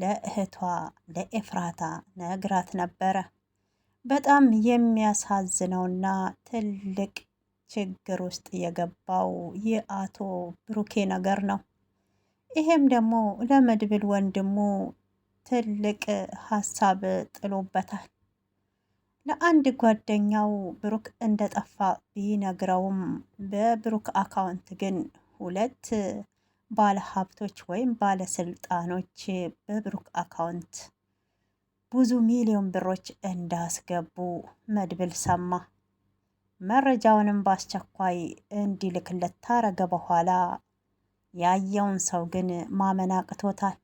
ለእህቷ ለኤፍራታ ነግራት ነበረ። በጣም የሚያሳዝነውና ትልቅ ችግር ውስጥ የገባው የአቶ ብሩኬ ነገር ነው። ይሄም ደግሞ ለመድብል ወንድሙ ትልቅ ሀሳብ ጥሎበታል። ለአንድ ጓደኛው ብሩክ እንደጠፋ ቢነግረውም በብሩክ አካውንት ግን ሁለት ባለሀብቶች ወይም ባለስልጣኖች በብሩክ አካውንት ብዙ ሚሊዮን ብሮች እንዳስገቡ መድብል ሰማ። መረጃውንም በአስቸኳይ እንዲልክለት ታረገ በኋላ ያየውን ሰው ግን ማመን አቅቶታል።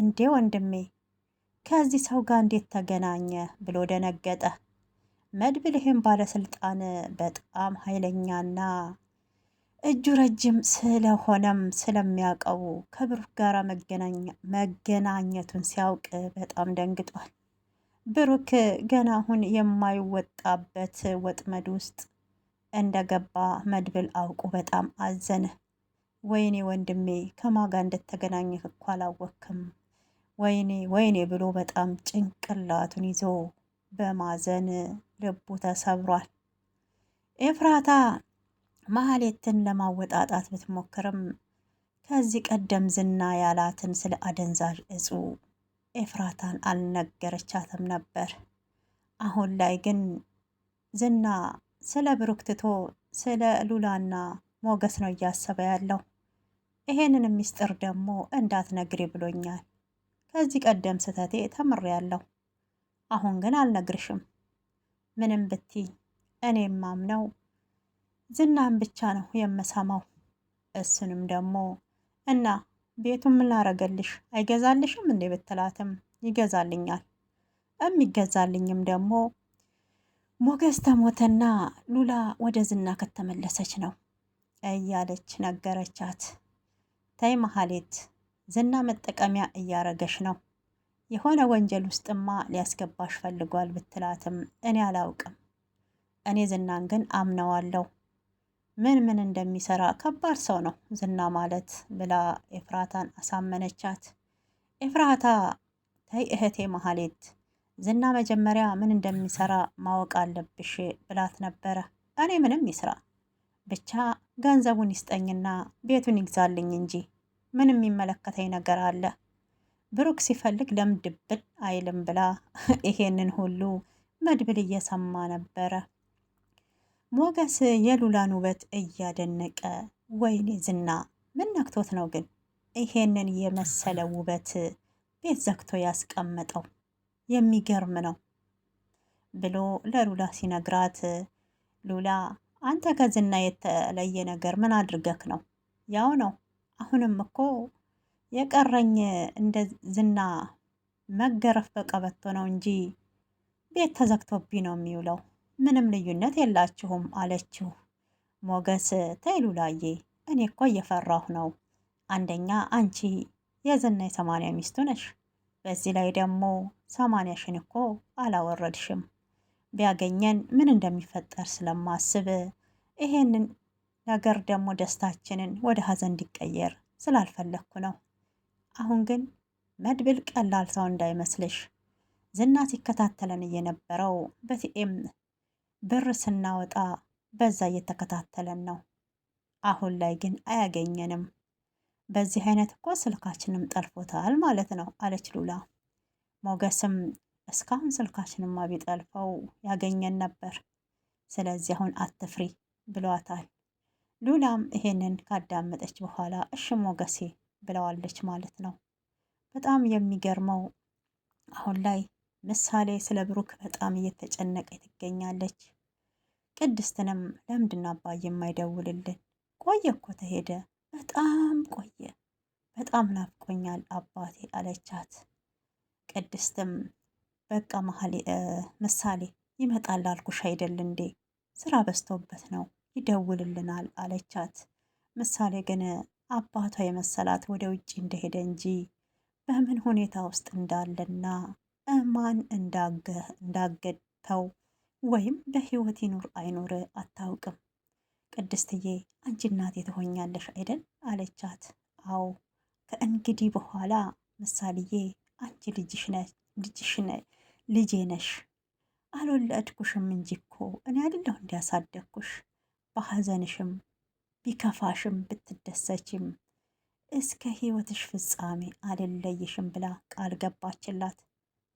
እንዴ ወንድሜ ከዚህ ሰው ጋር እንዴት ተገናኘ ብሎ ደነገጠ። መድብል ይህም ባለስልጣን በጣም ኃይለኛና እጁ ረጅም ስለሆነም ስለሚያውቀው ከብሩክ ጋር መገናኘቱን ሲያውቅ በጣም ደንግጧል። ብሩክ ገና አሁን የማይወጣበት ወጥመድ ውስጥ እንደገባ መድብል አውቁ በጣም አዘነ። ወይኔ ወንድሜ ከማጋ እንደተገናኘህ እኮ አላወክም። ወይኔ ወይኔ ብሎ በጣም ጭንቅላቱን ይዞ በማዘን ልቡ ተሰብሯል። ኤፍራታ ማህሌትን ለማወጣጣት ብትሞክርም ከዚህ ቀደም ዝና ያላትን ስለ አደንዛዥ እጹ ኤፍራታን አልነገረቻትም ነበር። አሁን ላይ ግን ዝና ስለ ብሩክ ትቶ ስለ ሉላና ሞገስ ነው እያሰበ ያለው። ይሄንን ሚስጥር ደግሞ እንዳትነግሪ ብሎኛል። ከዚህ ቀደም ስህተቴ ተምሬያለሁ። አሁን ግን አልነግርሽም። ምንም ብቲ እኔ ማምነው ዝናን ብቻ ነው የምሰማው። እሱንም ደግሞ እና ቤቱን ምናረገልሽ አይገዛልሽም እንዴ ብትላትም ይገዛልኛል፣ የሚገዛልኝም ደግሞ ሞገስ ተሞተና ሉላ ወደ ዝና ከተመለሰች ነው እያለች ነገረቻት። ተይ መሀሌት፣ ዝና መጠቀሚያ እያረገሽ ነው የሆነ ወንጀል ውስጥማ ሊያስገባሽ ፈልጓል ብትላትም እኔ አላውቅም፣ እኔ ዝናን ግን አምነዋለሁ ምን ምን እንደሚሰራ ከባድ ሰው ነው ዝና ማለት ብላ ኤፍራታን አሳመነቻት። ኤፍራታ ተይ እህቴ መሀሌት ዝና መጀመሪያ ምን እንደሚሰራ ማወቅ አለብሽ ብላት ነበረ። እኔ ምንም ይስራ ብቻ ገንዘቡን ይስጠኝና ቤቱን ይግዛልኝ እንጂ ምን የሚመለከተኝ ነገር አለ? ብሩክ ሲፈልግ ለምድብል አይልም ብላ ይሄንን ሁሉ መድብል እየሰማ ነበረ። ሞገስ የሉላን ውበት እያደነቀ ወይኔ ዝና ምን ነክቶት ነው ግን ይሄንን የመሰለ ውበት ቤት ዘግቶ ያስቀመጠው የሚገርም ነው ብሎ ለሉላ ሲነግራት፣ ሉላ አንተ ከዝና የተለየ ነገር ምን አድርገክ ነው? ያው ነው። አሁንም እኮ የቀረኝ እንደ ዝና መገረፍ በቀበቶ ነው እንጂ ቤት ተዘግቶብኝ ነው የሚውለው ምንም ልዩነት የላችሁም አለችው። ሞገስ ተይሉላዬ፣ እኔ እኮ እየፈራሁ ነው። አንደኛ አንቺ የዝና የሰማንያ ሚስቱ ነሽ። በዚህ ላይ ደግሞ ሰማንያሽን እኮ አላወረድሽም። ቢያገኘን ምን እንደሚፈጠር ስለማስብ ይሄንን ነገር ደግሞ ደስታችንን ወደ ሀዘን እንዲቀየር ስላልፈለግኩ ነው። አሁን ግን መድብል ቀላል ሰው እንዳይመስልሽ ዝና ሲከታተለን እየነበረው በቲኤም ብር ስናወጣ በዛ እየተከታተለን ነው። አሁን ላይ ግን አያገኘንም። በዚህ አይነት እኮ ስልካችንም ጠልፎታል ማለት ነው አለች ሉላ። ሞገስም እስካሁን ስልካችንማ ቢጠልፈው ያገኘን ነበር፣ ስለዚህ አሁን አትፍሪ ብሏታል። ሉላም ይሄንን ካዳመጠች በኋላ እሽ ሞገሴ ብለዋለች ማለት ነው። በጣም የሚገርመው አሁን ላይ ምሳሌ ስለ ብሩክ በጣም እየተጨነቀ ትገኛለች። ቅድስትንም ለምንድን አባ የማይደውልልን? ቆየ እኮ ተሄደ፣ በጣም ቆየ፣ በጣም ናፍቆኛል አባቴ አለቻት። ቅድስትም በቃ ምሳሌ ይመጣል አልኩሽ አይደል እንዴ? ስራ በዝቶበት ነው ይደውልልናል አለቻት። ምሳሌ ግን አባቷ የመሰላት ወደ ውጭ እንደሄደ እንጂ በምን ሁኔታ ውስጥ እንዳለና ማን እንዳገተው ወይም በህይወት ይኑር አይኑር አታውቅም። ቅድስትዬ አንቺ እናቴ ትሆኛለሽ አይደል አለቻት። አዎ ከእንግዲህ በኋላ ምሳሌዬ አንቺ ልጅሽ ልጄ ነሽ። አልወለድኩሽም እንጂ እኮ እኔ አይደለሁ እንዲያሳደግኩሽ። በሐዘንሽም ቢከፋሽም ብትደሰችም እስከ ህይወትሽ ፍጻሜ አልለይሽም ብላ ቃል ገባችላት።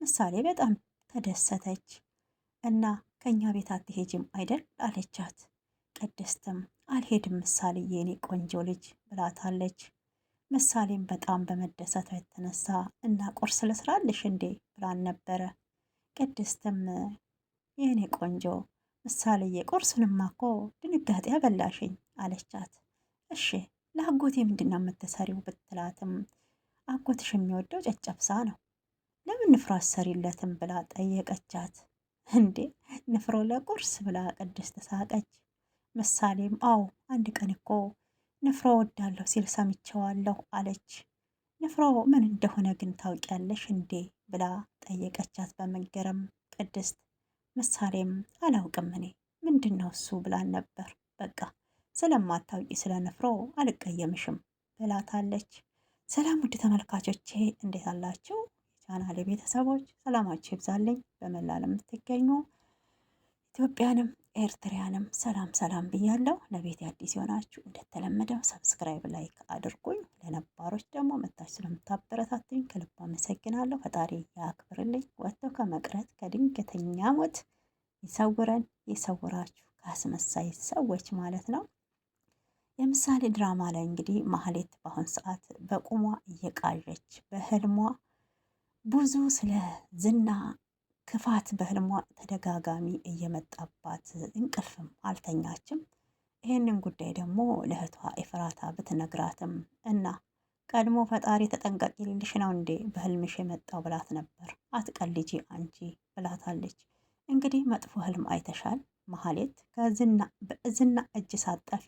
ምሳሌ በጣም ተደሰተች እና ከእኛ ቤት አትሄጅም አይደል አለቻት። ቅድስትም አልሄድም ምሳሌ የኔ ቆንጆ ልጅ ብላታለች። ምሳሌም በጣም በመደሰት የተነሳ እና ቁርስ ልስራልሽ እንዴ ብላን ነበረ። ቅድስትም የኔ ቆንጆ ምሳሌዬ ቁርሱንማ እኮ ድንጋጤ አበላሽኝ አለቻት። እሺ ለአጎቴ ምንድን ነው የምትሰሪው ብትላትም አጎትሽ የሚወደው ጨጨብሳ ነው ለምን ፍራስ ሰሪለትም ብላ ጠየቀቻት። እንዴ ንፍሮ ለቁርስ ብላ ቅድስት ሳቀች። ምሳሌም አዎ አንድ ቀን እኮ ንፍሮ ወዳለሁ ሲል ሰምቸዋለሁ አለች። ንፍሮ ምን እንደሆነ ግን ታውቂያለሽ እንዴ ብላ ጠየቀቻት በመገረም ቅድስት። ምሳሌም አላውቅም እኔ ምንድን ነው እሱ ብላን ነበር። በቃ ስለማታውቂ ስለ ንፍሮ አልቀየምሽም ብላታለች። ሰላም ውድ ተመልካቾቼ እንዴት አላችሁ? ቻናል ቤተሰቦች ሰላማችሁ ይብዛልኝ። በመላ ዓለም የምትገኙ ኢትዮጵያንም ኤርትሪያንም ሰላም ሰላም ብያለሁ። ለቤት አዲስ የሆናችሁ እንደተለመደው ሰብስክራይብ፣ ላይክ አድርጉኝ። ለነባሮች ደግሞ መታች ስለምታበረታትኝ ከልብ አመሰግናለሁ። ፈጣሪ ያክብርልኝ። ወጥቶ ከመቅረት ከድንገተኛ ሞት ይሰውረን፣ ይሰውራችሁ ከአስመሳይ ሰዎች ማለት ነው። የምሳሌ ድራማ ላይ እንግዲህ ማህሌት በአሁን ሰዓት በቁሟ እየቃዠች በህልሟ ብዙ ስለ ዝና ክፋት በህልሟ ተደጋጋሚ እየመጣባት እንቅልፍም አልተኛችም። ይህንን ጉዳይ ደግሞ ለእህቷ ኤፍራታ ብትነግራትም እና ቀድሞ ፈጣሪ ተጠንቀቂ ልልሽ ነው እንዴ በህልምሽ የመጣው ብላት ነበር። አትቀልጂ አንቺ ብላታለች። እንግዲህ መጥፎ ህልም አይተሻል መሀሌት፣ ከዝና እጅ ሳጠፊ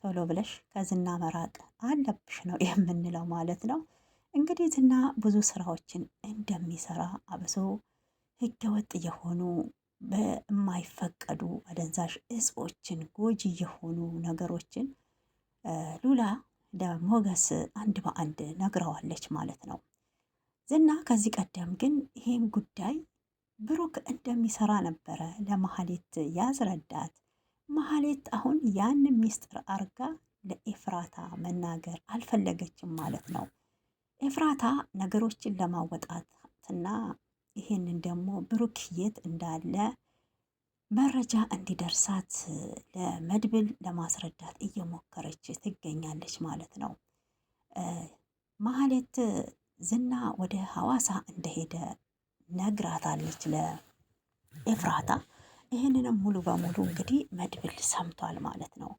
ቶሎ ብለሽ ከዝና መራቅ አለብሽ ነው የምንለው ማለት ነው። እንግዲህ ዝና ብዙ ስራዎችን እንደሚሰራ አብሶ ህገ ወጥ የሆኑ በማይፈቀዱ አደንዛዥ እጾችን፣ ጎጂ የሆኑ ነገሮችን ሉላ ለሞገስ አንድ በአንድ ነግረዋለች ማለት ነው። ዝና ከዚህ ቀደም ግን ይሄን ጉዳይ ብሩክ እንደሚሰራ ነበረ ለመሀሌት ያስረዳት። መሀሌት አሁን ያንን ሚስጥር አርጋ ለኤፍራታ መናገር አልፈለገችም ማለት ነው። ኤፍራታ ነገሮችን ለማወጣትና ይህንን ደግሞ ብሩክ የት እንዳለ መረጃ እንዲደርሳት ለመድብል ለማስረዳት እየሞከረች ትገኛለች ማለት ነው። ማህሌት ዝና ወደ ሐዋሳ እንደሄደ ነግራታለች ለኤፍራታ። ይህንንም ሙሉ በሙሉ እንግዲህ መድብል ሰምቷል ማለት ነው።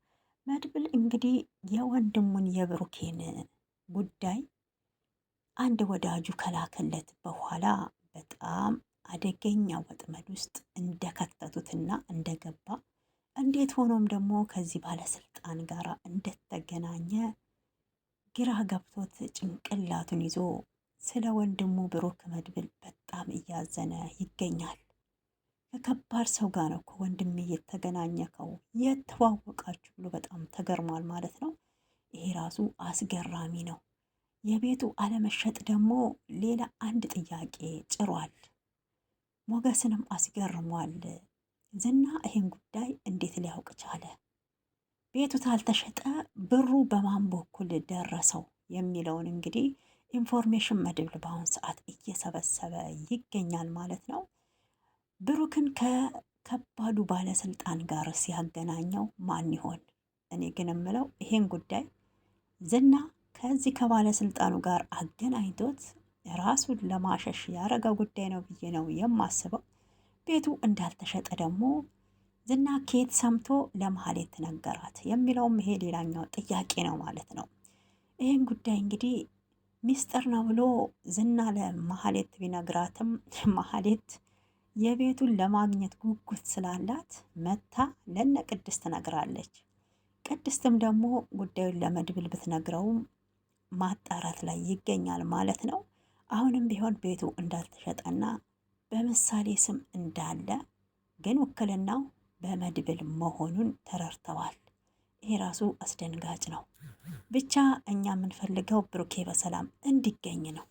መድብል እንግዲህ የወንድሙን የብሩኬን ጉዳይ አንድ ወዳጁ ከላከለት በኋላ በጣም አደገኛ ወጥመድ ውስጥ እንደከተቱትና እንደገባ እንዴት ሆኖም ደግሞ ከዚህ ባለስልጣን ጋር እንደተገናኘ ግራ ገብቶት ጭንቅላቱን ይዞ ስለ ወንድሙ ብሩክ መድብል በጣም እያዘነ ይገኛል። ከከባድ ሰው ጋር ነው እኮ ወንድሜ የተገናኘከው የተዋወቃችሁ ብሎ በጣም ተገርሟል ማለት ነው። ይሄ ራሱ አስገራሚ ነው። የቤቱ አለመሸጥ ደግሞ ሌላ አንድ ጥያቄ ጭሯል፣ ሞገስንም አስገርሟል። ዝና ይህን ጉዳይ እንዴት ሊያውቅ ቻለ? ቤቱ ታልተሸጠ ብሩ በማን በኩል ደረሰው የሚለውን እንግዲህ ኢንፎርሜሽን መድብል በአሁን ሰዓት እየሰበሰበ ይገኛል ማለት ነው። ብሩክን ከከባዱ ባለስልጣን ጋር ሲያገናኘው ማን ይሆን? እኔ ግን የምለው ይሄን ጉዳይ ዝና ከዚህ ከባለስልጣኑ ጋር አገናኝቶት ራሱን ለማሸሽ ያረገው ጉዳይ ነው ብዬ ነው የማስበው። ቤቱ እንዳልተሸጠ ደግሞ ዝና ኬት ሰምቶ ለመሀሌት ነገራት የሚለውም ይሄ ሌላኛው ጥያቄ ነው ማለት ነው። ይህን ጉዳይ እንግዲህ ሚስጥር ነው ብሎ ዝና ለመሀሌት ቢነግራትም መሀሌት የቤቱን ለማግኘት ጉጉት ስላላት መታ ለነ ቅድስት ትነግራለች። ቅድስትም ደግሞ ጉዳዩን ለመድብል ብትነግረውም ማጣራት ላይ ይገኛል ማለት ነው። አሁንም ቢሆን ቤቱ እንዳልተሸጠና በምሳሌ ስም እንዳለ ግን ውክልናው በመድብል መሆኑን ተረድተዋል። ይሄ ራሱ አስደንጋጭ ነው። ብቻ እኛ የምንፈልገው ብሩኬ በሰላም እንዲገኝ ነው።